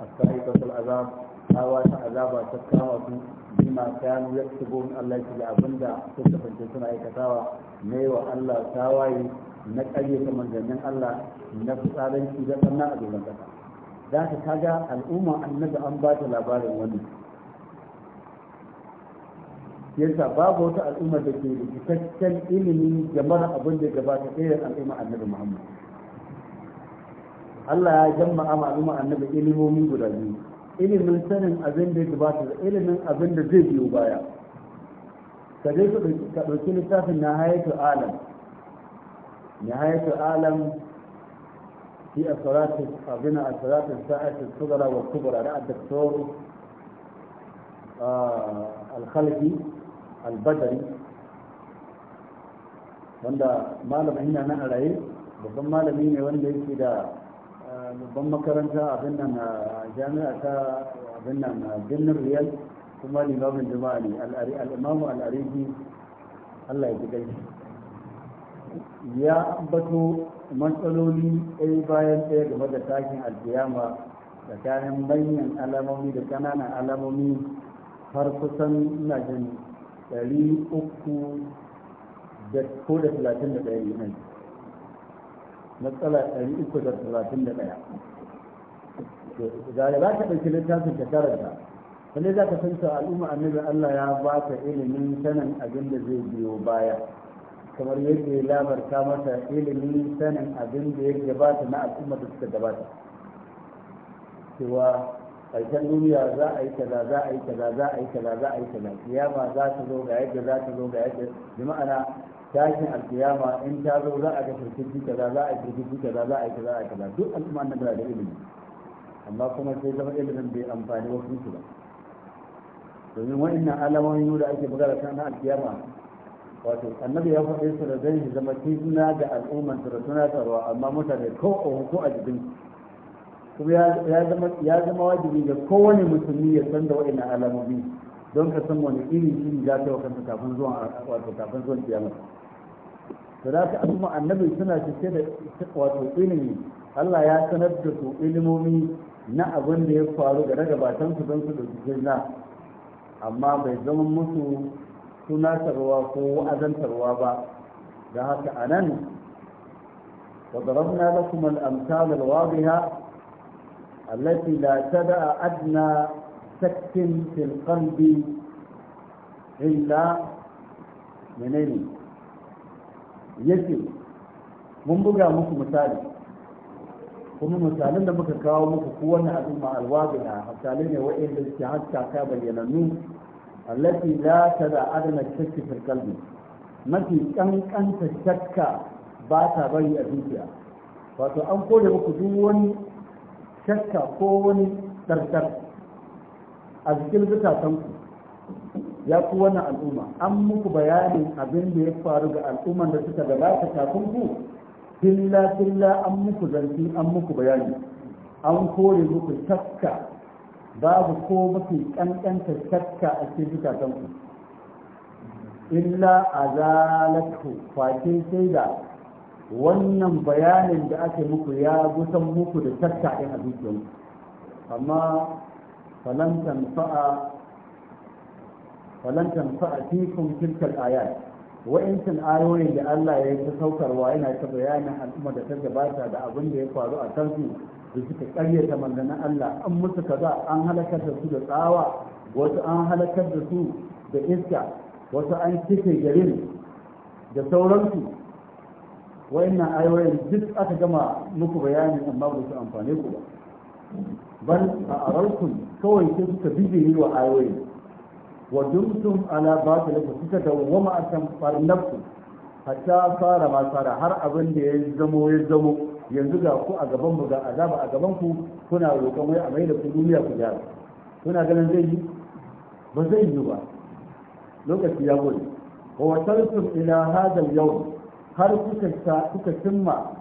السائقة العذاب hawa ta azaba ta kama su bima kanu yaktubun Allah shi da abinda sun kasance suna aikatawa ne wa Allah tawaye na ƙarye ta manzannin Allah na fitsaranci da sanna a doron kasa za al'umma annabi an ba ta labarin wani yasa babu wata al'ummar da ke cikakken ilimi da mara abin da gabata irin al'umma annabi Muhammad Allah ya jama'a ma'aluma annabi ilimomi guda biyu ilimin sanin abin da gabata da ilimin abin da zai biyo baya ka dai ka ɗauki littafin nihayatu alam nihayatu alam fi asarat abin asarat sa'at al-kubra wa kubra da al-doktor al-khalqi albadari wanda malamin yana nan a raye babban malami ne wanda yake da babban makaranta a nan a jami'a ta abin nan a birnin riyal kuma limamin juma'a ne al'imamu al'ariji allah ya ji gai. ya ambato matsaloli ɗaya bayan ɗaya game da takin alkiyama tsakanin manyan alamomi da ƙananan alamomi har kusan ina jin ɗari uku da ko da talatin da ɗaya ne matsala ɗari uku da talatin da ɗaya da za ka ɗauki littafin ka karanta Wani za ka san cewa al'umma annabi Allah ya ba ta ilimin sanin abin da zai biyo baya kamar yadda ya labarta mata ilimin sanin abin da ya gabata na al'umma da suka gabata cewa karshen duniya za a yi kaza za a yi kaza za a yi kaza za a yi kaza kiyama za ta zo ga yadda za ta zo ga yadda bi ma'ana tashin alkiyama in ta zo za a ga firkici kaza za a yi firkici kaza za a yi kaza za a yi kaza duk al'umma na da ilimi amma kuma sai zama ilimin bai amfani wasu su ba domin wa'annan alamomi da ake magana kan alkiyama wato annabi ya faɗe su da zai zama tizna ga al'ummar su da tunatarwa amma mutane ko ko a jikin ya zama wajibi ga kowane musulmi ya san da wa'ina alamomi don ka san wani iri shiri za ta wakanta kafin zuwan wato kafin zuwan kiyama to da ka asuma annabi suna cike da wato ilimi Allah ya sanar da su ilimomi na abin da ya faru da ragabatan su don su dauki jinna amma bai zama musu tunatarwa ko wa'azantarwa ba da haka anan وضربنا لكم الأمثال الواضحة التي لا تدع أدنى شك في القلب إلا منين mun buga muku misali kuma misalin da muka kawo muku kowane al'umma alwabina misalai ne wa'inda suke haska ka bayyanannu allati la tada adana shakki fil qalbi mafi kankanta shakka ba ta bari a zuciya wato an kore muku duk wani shakka ko wani ɗarɗar a cikin zukatanku ya ku wannan al'umma an muku bayanin abin da ya faru ga al'umman da suka gabata kafin ku filla filla an muku zanci an muku bayani an kore muku shakka babu ko mafi ƙanƙanta shakka a cikin zukatanku illa azalatku face sai da wannan bayanin da aka muku ya gusan muku da tattaɗe a zuciyarku amma falantan fa'a tikun tilkal ayat wa'intin ayoyin da Allah ya yi saukarwa yana ta bayanin al'umma da ta gabata da abin da ya faru a kansu da suka karyata manzanin Allah an musu kaza an halakar da su da tsawa wasu an halakar da su da iska wasu an cike garin da sauransu wayannan ayoyin duk aka gama muku bayani amma ba su amfane ku ba bal a ararkun kawai sai suka ni wa ayoyin wa dumtum ala batilaka suka dawwama akan farnafku hatta fara ma fara har abin da ya zamo ya zamo yanzu ga ku a gaban mu ga azaba a gaban ku kuna roƙon wai a da ku duniya ku gyara kuna ganin zai yi ba zai yi ba lokaci ya gode wa wasaltum ila hadal yawm har kuka cimma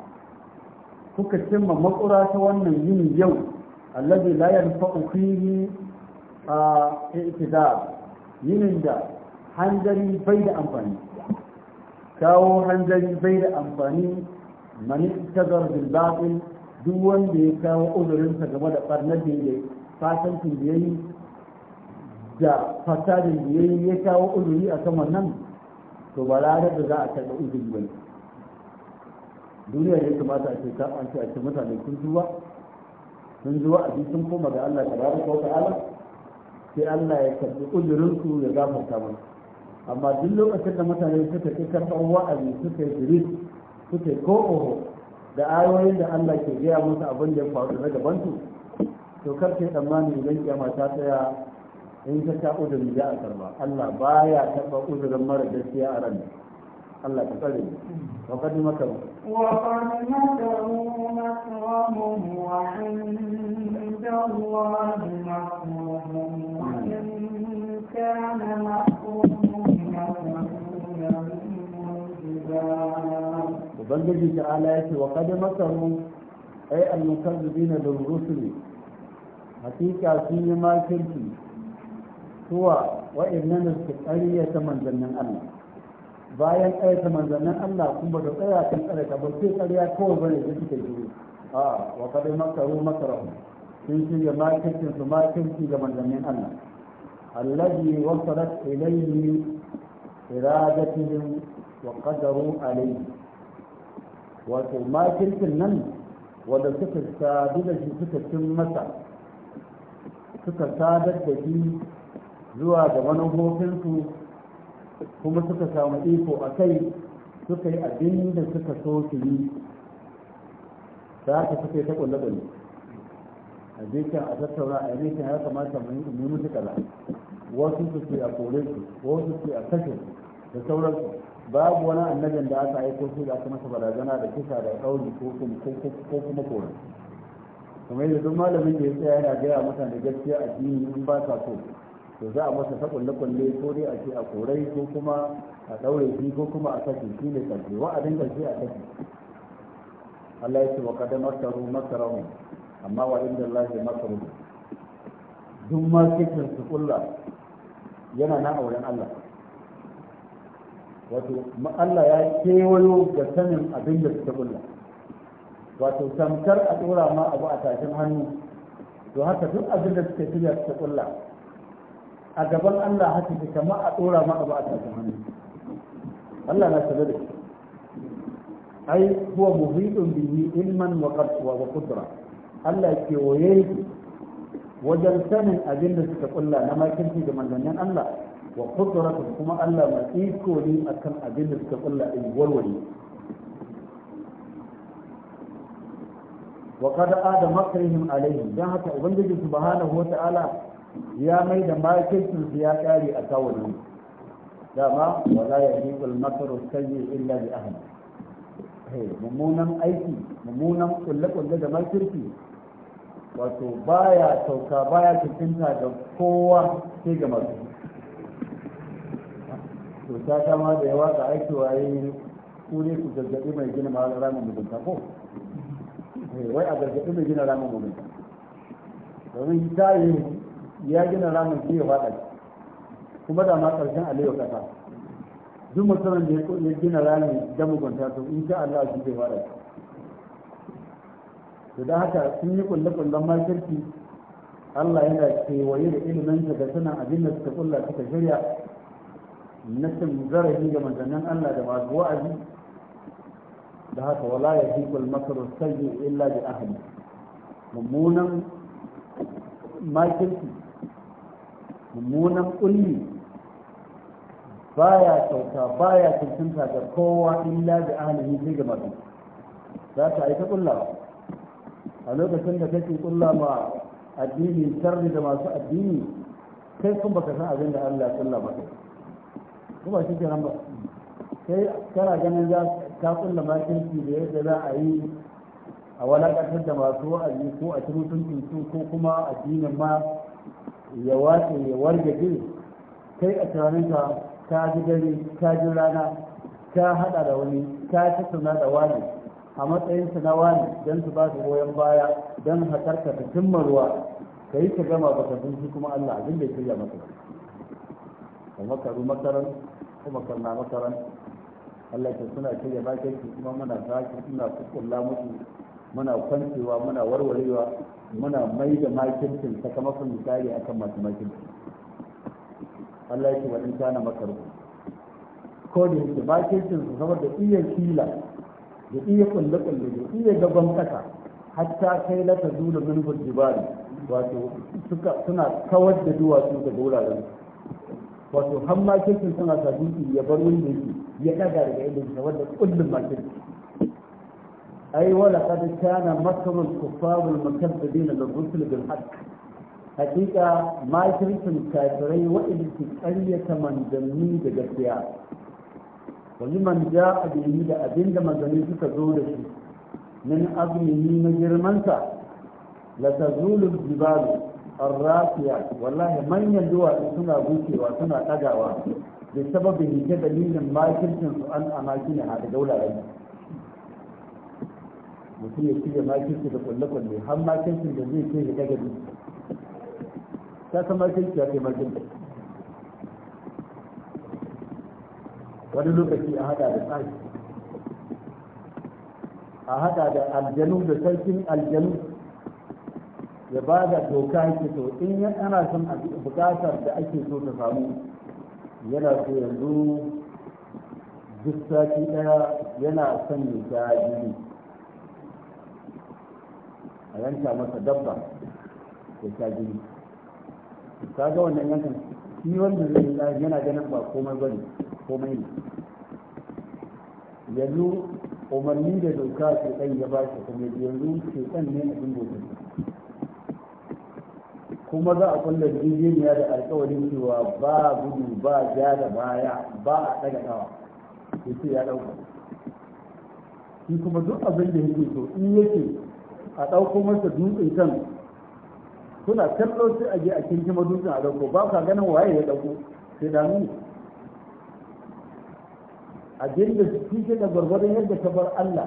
kuka cimma makura ta wannan yin yau allazi la yanfa'u fihi a ittida yinin da hanzari bai da amfani kawo hanzari bai da amfani mani tazar bil batil duk wanda ya kawo sa game da barnar da ya fasancin da yayi da fasadin da ya yi ya kawo uzuri a kan wannan to ba da za a karɓi uzuri ba duniya ya kamata a ce ta an ce a ce mutane kun zuwa sun zuwa a sun koma ga Allah tabaraka wa ta'ala sai Allah ya karbi ujurin su ya gafarta musu amma duk lokacin da mutane suka kai karɓar wa'azi suka yi jiris suka yi ko'o da ayoyin da Allah ke gaya musu abin da ya faru na gabansu to kar yi tsammani idan kiyama ta tsaya in ka ta uzuri za a karba Allah baya taɓa uzurin mara gaskiya a ranar Allah ka tsare mu wa qad makaru wa qad makaru makrahum wa inda Allahi makruhum kana makruhum Ubangiji ta'ala ya ce wa qad makaru ay al na bil hakika sun yi makirci suwa wa'annan su ƙaryata manzannin Allah bayan ƙarfe manzannin Allah kuma ba da tsaya kan tsare ka ba sai tsariya kawai bane da suke yi a wa kadai makaru makarahu sun shirya makircin su makirci ga manzannin Allah allazi wasalat ilayhi iradatihim wa qadaru alayhi wato makircin nan wanda suka sadu da shi suka cin masa suka sadar da shi zuwa ga manufofinsu kuma suka samu iko a kai suka yi abin da suka so su yi da haka suka yi ta kulle-kulle a jikin a tattauna a yi ya kamata mu yi musu kaza wasu su ce a kore su wasu su a kashe su da sauransu babu wani annabin da aka aiko su da aka masa barazana da kisa da ɗauri ko kuma kore kamar yadda duk malamin da ya tsaya yana gaya mutane gaskiya a jini in ba ta so to za a masa ta kulle-kulle ko dai a ce a korai ko kuma a ɗaure shi ko kuma a kashe shi ne ƙarshe wa'adin ƙarshe a kashe Allah ya ce wa kada masaru masarahu amma wa inda Allah ya masaru duk marketin su kulla yana na auren Allah wato Allah ya kewayo ga sanin abin da suka kulla wato tamkar a ɗora ma abu a tashin hannu to haka duk abin da suka shirya suka kulla a gaban Allah haka ke kama a ɗora maka ba a tafi hannu Allah na sanar da shi ai huwa muhidun bihi ilman wa qadwa wa qudra Allah ke waye wajen sanin abin da suka kulla na makinci da manzannin Allah wa qudratu kuma Allah mai iko ne akan abin da suka kulla in warware wa qad ada makrihim alaihim dan haka ubangiji subhanahu wa ta'ala ya mai da makirkin su ya kare a kawai dama wala ya yi ulmatar sanyi illa bi ahli mummunan aiki mummunan kulle-kulle da makirki wato baya sauka baya cikinta da kowa sai ga masu to ta kama da yawa ga aiki waye ku ne ku gargaɗi mai gina ramin mugunta ko wai a gargaɗi mai gina ramin mugunta domin ta yi ya gina ramin biyu faɗa kuma da ma ƙarshen aliyu ƙasa duk mutumin da ya gina ramin da mugunta to in sha Allah shi zai faɗa to da haka sun yi kulle-kullen makirki Allah yana kewaye da ilimin da sanan abin da suka kulla suka shirya na cin zarafi ga manzannin Allah da masu wa'azi da haka wala ya fi kulmakaru sayyi illa bi ahli mummunan makirki mummunan kulli baya kyauta baya tuntunta ga kowa illa da ahlihi sai ga masu za ta aika kulla a lokacin da kake kulla ma addini sharri da masu addini kai kun baka san abin da Allah ya kulla ba kuma shi kenan ba sai kana ganin za ka kulla makirci da yadda za a yi a walakantar da masu wa'azi ko a cikin mutuncin ko kuma addinin ma ya watsi ya wargaje kai a tunaninka ka ji gari ka ji rana ka hada da wani ka suna da wani a matsayinsa na wani don su ba su goyon baya don hatarka ta cimma ruwa ka yi ka gama ba ka sun kuma Allah abin da ya shirya maka ba makaru makaran kuma karna makaran Allah ke suna shirya bakin kuma muna sake suna kukkulla musu muna kwancewa muna warwarewa muna mai da makincin sakamakon misali akan masu makincin Allah ya ce wa in tana makaru ko da yake makincin su saboda iya kila da iya kulle kulle da iya gaban kasa hatta kai na ta zula min bujibari wato suna kawar da duwatsu da wuraren wato har makincin suna sa dutse ya bar wanda yake ya daga daga inda yake wanda kullum makincin أي ولقد كان مكر الكفار المكذبين للرسل بالحق حقيقة ما يتركم كافرين وإن تكأية من ذنبي بجسيا ولمن جاء به دا أبين دا من ذنبي تزول من أظمه مجرمنسا لتزول الجبال الراسية والله من يدوى سنة بوكي وسنة تجاوى بسبب هجد لين ما يتركم أن أماكنها بجولة رجل mutum ya shirya makinsu da kwalle-kwalle har makinsu da zai ce shiga gari ta san makinsu ya kai makinsu wani lokaci a hada da tsari a hada da aljanu da sarkin aljanu ya ba da doka ke so in ya ana son bukatar da ake so ta samu yana so yanzu duk sati daya yana son ya sha jini a yanka masa dabba ya sha jini ka ga wannan yankan shi wanda zai yi yana ganin ba komai bane komai ne yanzu umarni da doka ke ɗan ya ba shi kuma yanzu ke ɗan ne a cikin gobe kuma za a kulla jirginiya da alkawarin cewa ba gudu ba ja da baya ba a ɗaga ɗawa ya ce ya ɗauka shi kuma duk abin da yake so in yake a ɗauko masa dutsen kan suna kallo sai a je a ma dutsen a ɗauko ba ka ganin waye ya ɗauko sai da nuni A da suke da gwargwadon yadda ka bar Allah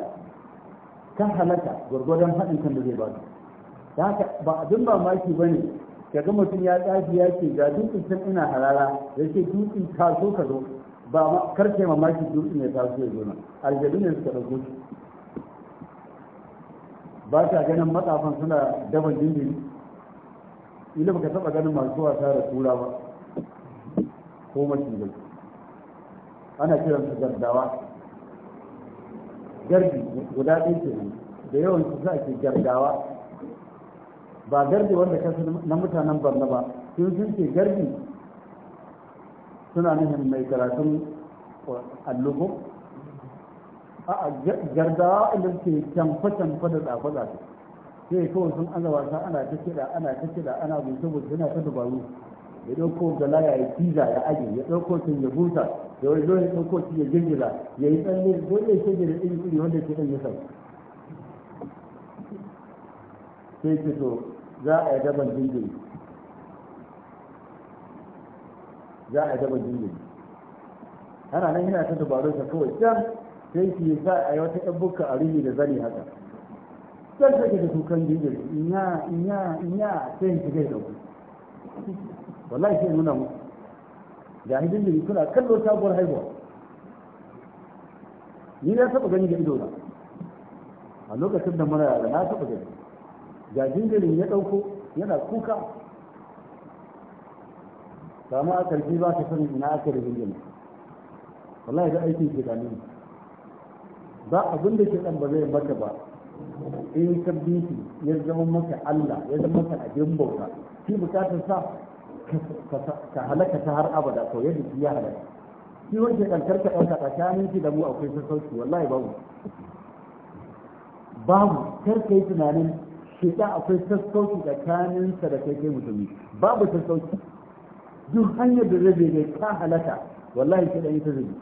ka halaka gwargwadon haɗin kan da zai ba ka da haka ba abin mamaki ba ne ka ga mutum ya tsafi ya ce ga dutsen can ina halala ya ce dutsen taso ka zo ba karke mamaki dutsen ya taso ya zo nan aljadu ne suka ɗauko shi ba ta ganin matsafan suna daban jinjiri. ila baka taba ganin masu wasa da tura ba ko macizai ana kiran su gardawa gardi guda ɗin ke nan da yawan su za ke gardawa ba gardi wanda kasu na mutanen barna ba sun sun ce gardi suna nuhin mai karatun allugo a gardawa idan ke canfa-canfa da tsafe-tsafe sai kawai sun an wasa ana ta kiɗa ana ta kiɗa ana buce-buce yana ta dubaru ya ɗauko galaya ya tiza ya aje ya ɗauko sun ya busa da wani zo ya ɗauko shi ya girgiza ya yi tsalle ko ya shige da iri iri wanda ke ɗan ya sau sai ce to za a yi daban jinjiri za a yi daban jinjiri ana nan yana ta dubaru ta kawai can sai yi sa a yi wata ɗabbuka a rini da zani haka zan take da kukan jirgin inya inya inya sai ki zai dauki wallahi sai nuna mu jahilin da suna kallo sabuwar haihuwa ni na taɓa gani da ido na a lokacin da muna da na taɓa gani ga jinjirin ya ɗauko yana kuka samu a ƙarfi ba ta sanin ina aka da jinjirin wallahi da aikin ke da nuna ba abin da shaitan ba zai maka ba in ka bi shi ya zama maka Allah ya zama maka abin bauta shi bukatar sa ka halaka ta har abada to yadda shi ya halaka shi wanda kan karka dauka tsakanin shi da mu akwai sassauci wallahi babu babu karka yi tunanin shida akwai sassauci tsakanin sa da kai kai mutumi babu sassauci duk hanyar da zai bai ka halaka wallahi shi da ta zai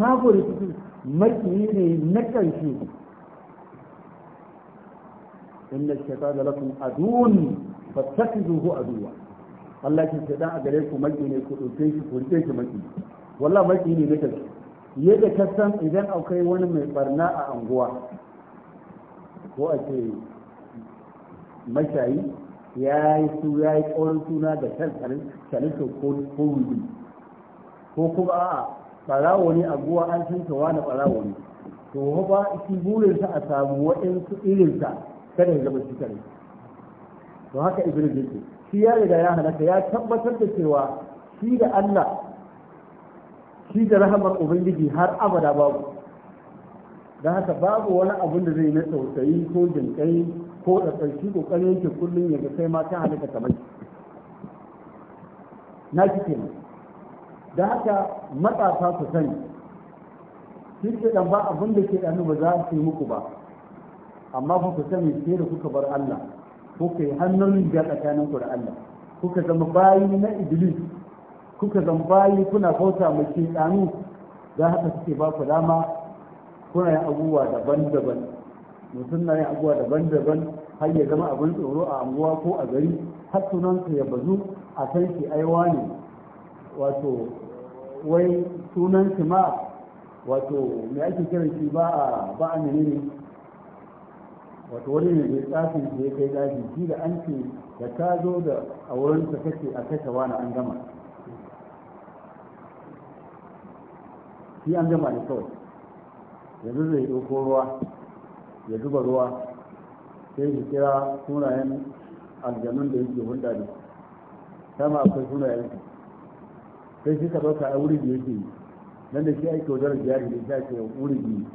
babu rikicin. makiyi ne na ƙarshe inna shaitana lakum adun fattakhidhuhu aduwa Allah ke shaitan a gare ku maki ne ku ɗauke shi ku rike shi maki wallahi maki ne na ƙarshe yadda ka san idan akwai wani mai barna a anguwa ko a ce mashayi ya yi su ya yi ƙaurin suna da shan ko ko kuma a'a ɓarawo ne a guwa an san cewa na ɓarawo ne to ba shi burinsa a samu waɗansu irinsa kada ya zama shi to haka Ibrahim yake shi ya riga ya halaka ya tabbatar da cewa shi da Allah shi da rahamar ubangiji har abada babu don haka babu wani abin da zai na tausayi ko jinkai ko da kokarin yake kullum ya ga sai ma ta halaka kamar na shi kenan da haka matsafa su sani shi ce ɗan ba abin da ke ɗanu ba za su yi muku ba amma ku ku sani sai da kuka bar Allah kuka yi hannun da tsakanin ku da Allah kuka zama bayi na iblis kuka zama bayi kuna bauta mai ɗanu, da haka suke ba ku dama kuna yin abubuwa daban-daban mutum na yin abubuwa daban-daban har ya zama abin tsoro a anguwa ko a gari har sunansa ya bazu a san shi aiwa ne wato wai sunan shi ma wato me ake kiran shi ba a ba a menene wato wani ne da tsafin da ya kai gashi shi da an ce da ta zo da a wurin ta kace a kashe wani an gama shi an gama ne kawai yanzu zai ɗauko ruwa ya zuba ruwa sai ya kira sunayen aljanun da yake hulɗa da sama akwai sunayen sai shi ka a wuri da yake yi nan da shi ake wajen jari da shi ake wuri biyu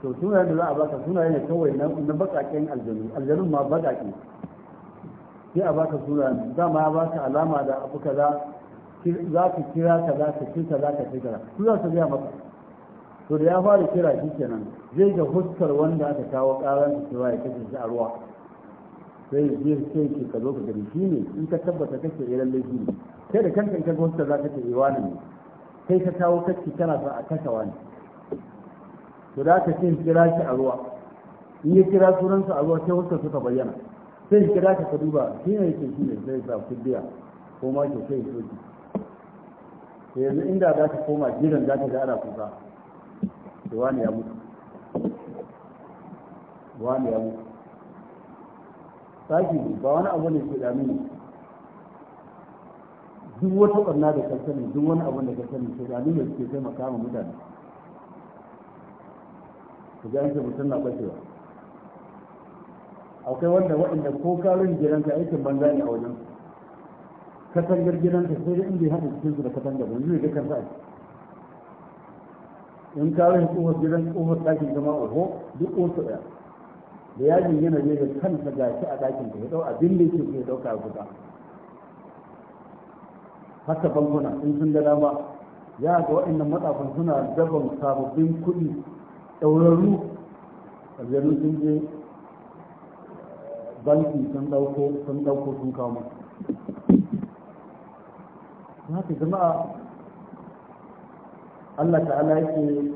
to sunayen da za a baka sunaye ne kawai na baƙaƙen aljanu aljanun ma baƙaƙe sai a baka sunayen za ya baka alama da abu kaza za ka kira ka za ka kira za ka kira su za su biya maka to da ya fara kira shi kenan zai ga huskar wanda aka kawo shi su ya kashe shi a ruwa sai je sai ce ka zo ka gani shi ne in ka tabbata kake eh lalle shi ne sai da kanka in ka ga za ka ce eh wani ne sai ka kawo kacci kana sa a kasa wani to da ka sai kira shi a ruwa in ya kira sunansa a ruwa sai wasu suka bayyana sai kira ka ka duba shi ne yake shi ne sai sa kudiya ko ma ke sai ji sai yanzu inda za ka koma gidan za ka ga ana kuka to wani ya mutu wani ya mutu saki ba wani abu ne ke dami ne duk wata ɓarna da ka sani duk wani abu da ka sani ke dami ne suke taimaka ma mutane ku ga yanke mutum na ɓacewa akwai wanda waɗanda ko karin gidanka aikin banza ne a wajen katangar gidanka sai da inda ya haɗa cikin su da katangar ba zuwa dukkan sa'a in karin kofar gidan kofar ɗakin zama a ko duk wasu ɗaya da ya jingina ne da kansa gashi a ɗakin ka ya ɗau abin da yake kuma ɗauka guda haka bankuna in sun ga dama ya ga waɗannan matsafan suna daban sababbin kuɗi ɗaurarru aljanu sun je banki sun ɗauko sun ɗauko sun kawo masu haka jama'a Allah ta'ala yake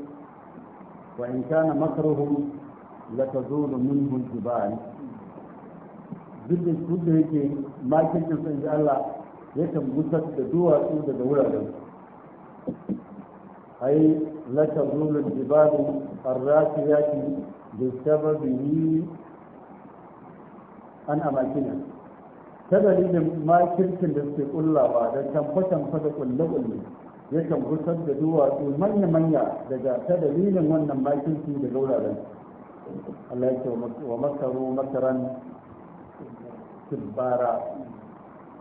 wa in kana makaruhum latazulu minhu jibal duk da duk yake makincin san ji Allah yakan busar da duwatsu daga wuraren ai latazulu jibal arrasiyati bi sababihi an amakina ta dalilin makircin da suke kullawa da tamfa-tamfa da kulle-kulle yakan busar da duwatsu manya-manya daga ta dalilin wannan makirci da gauraren Allah ya wa makaru makaran kibbara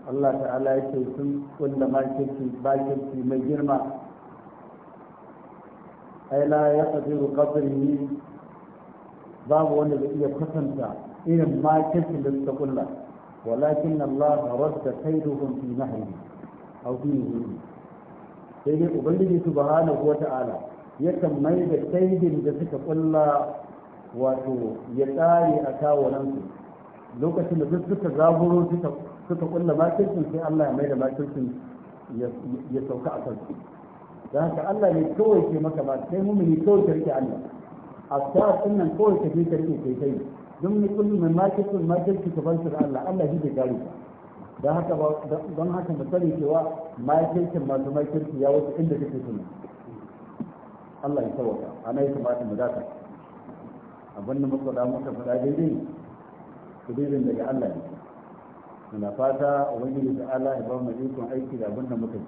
Allah ta'ala ya ce sun kulla makirci bakirci mai girma ai la ya qadiru qadrihi babu wanda zai iya kwatanta irin makircin da suka kulla walakin Allah radda kaiduhum fi nahri aw fi nahri sai dai ubangiji subhanahu wata'ala yakan mai da kaidin da suka kulla wato ya tsare a kawunansu lokacin da duk suka zaburo suka kulla makircin sai Allah ya mai da makircin ya sauka a kansu da haka Allah ne kawai ke maka ba sai mumini kawai ka rike Allah a sa'ad nan kawai ka je ka rike kai kai don ni kullu mai makircin makircin ka bar shi da Allah Allah shi ke gari don haka don haka mu sani cewa makircin masu makirci ya wuce inda kake tunani Allah ya sauka ana yi kamata mu dakata abin da muka da muka faɗa daidai kudirin daga Allah ne muna fata ubangiji da Allah ya ba mu ikon aiki da abin da muka yi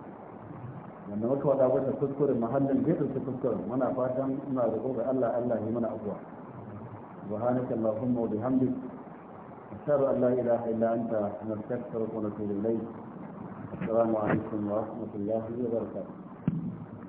wanda muka faɗa wata kuskure mahallin zai ɗauki kuskuren muna fatan muna roƙo ga Allah Allah ya mana abuwa subhanaka allahumma wa bihamdik ashhadu an la ilaha illa anta nastaghfiruka wa natubu ilayk السلام عليكم ورحمه